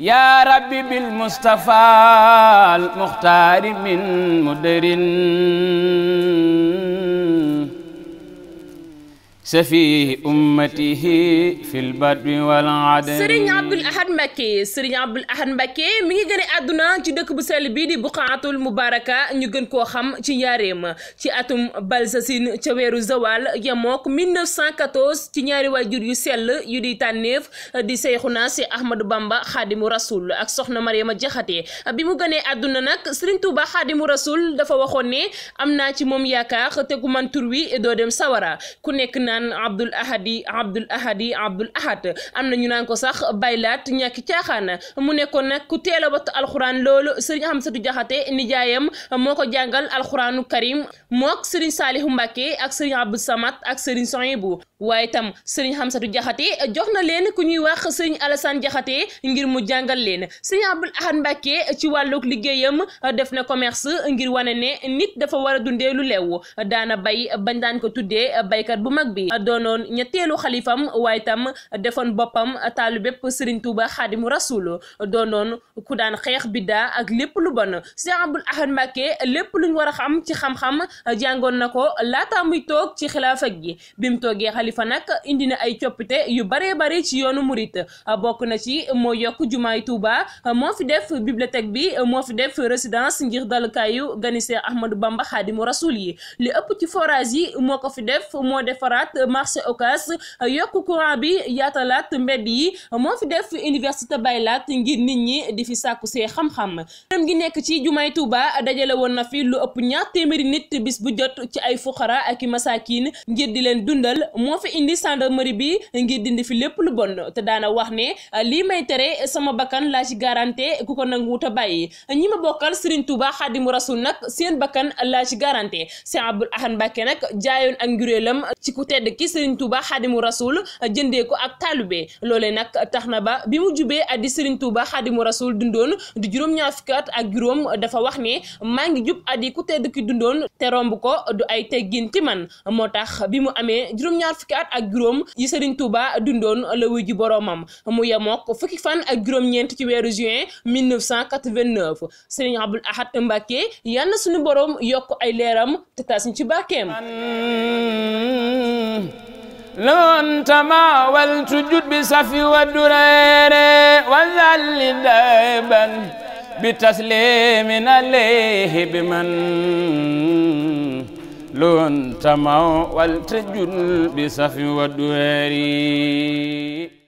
يا ربي بالمصطفى المختار من مدرٍ safi ummatihi fil badwi Ahad Mbacké Serigne Abdoul Ahad Mbacké mi ngi gën àdduna ci dëkk bu sell bii di Buqaatul Mubaraka ñu gën koo xam ci njaareem ci atum Balsasin ca weeru Zawal yemook 1914 ci ñaari waajur yu sell yu di tànneef di Seyxuna si Ahmadou Bamba Xaadimu Rasul ak soxna Mariama Jaxate bi mu gënee àdduna nag Serigne Touba Xaadimu Rasul dafa waxoon ne am naa ci moom yaakaar te ku man tur wi doo dem sawara ku nekk na naan abdul ahadi abdul ahadi abdul ahad am na ñu naan ko sax baylaat ñàkki caaxaan mu nekkoon nag ku teel a wattu alxuraan loolu sëriñ Hamsatu Jaxate nijaayam moo ko jàngal alxuraanu karim mook sëriñ Saalihu Mbàkke ak sëriñ Abdou Samad ak sëriñ Soyibu waaye itam sëriñ Hamsatu Jaxate jox na leen ku ñuy wax sëriñ Alassane Jaxate ngir mu jàngal leen sëriñ Abdul Ahad Mbàkke ci wàllug liggéeyam def na commerce ngir wane ne nit dafa war a dundee bi doonoon ñetteelu xalifam waaye tam defoon boppam taalu bépp Serigne Touba xaadimu rasul doonoon ku daan xeex biddaa ak lépp lu bon Cheikh Abdoul Ahad Mbacké lépp luñ war a xam ci xam-xam jàngoon na ko laata muy toog ci xilaafa yi bi mu toogee xalifa nag indi na ay coppite yu baree bare ci yoonu murit bokk na ci moo yokk jumaay Touba moo fi def bibliothèque bi moo fi def résidence ngir dalukaayu gani Cheikh Ahmadou Bamba xaadimu rasul yi li ëpp ci forage yi moo yeesalaat marché Ocass yokk courant bi yaatalaat mbedd yi moo fi def université baylaat ngir nit ñi di fi sàkku see xam-xam dem gi nekk ci jumaay Touba dajale woon na fi lu ëpp ñaar téeméeri nit bis bu jot ay fuqara ak i masaakin ngir di leen dundal moo fi indi gendarmerie bi ngir dindi fi lépp lu bon te daana wax ne lii may tere sama bakkan laa ci garanté ku ko nangu te bàyyi ñi ma bokkal Serigne Touba Xaadimu Rasul nag seen bakkan laa ci garanté Serigne Abdoul Ahad Mbacké nag jaayoon ak njuréelam ci ku tedd tedd ki Serigne Touba Xadimu Rasul euh, jëndee ko ak taalube loolee nag tax na ba bi mu jubee addi Serigne Touba Xadimu Rasul dundoon di juróom-ñaar fukki at ak juróom dafa wax ne maa ngi jub addi ku tedd ki dundoon te romb ko du ay teggin ci man moo tax bi mu amee juróom-ñaar fukki at ak juróom yi Serigne Touba dundoon la wuy ji boroomam mu yemook fukki fan ak juróom-ñeent ci weeru juin 1989 Serigne Abdoul Ahad Mbacké yàlla na suñu boroom yokk ay leeram te taas ci barkeem لون تماولت جد بسفي والدرير وذل دائبا بتسليم عليه بمن لون تماولت جد بسفي والدرير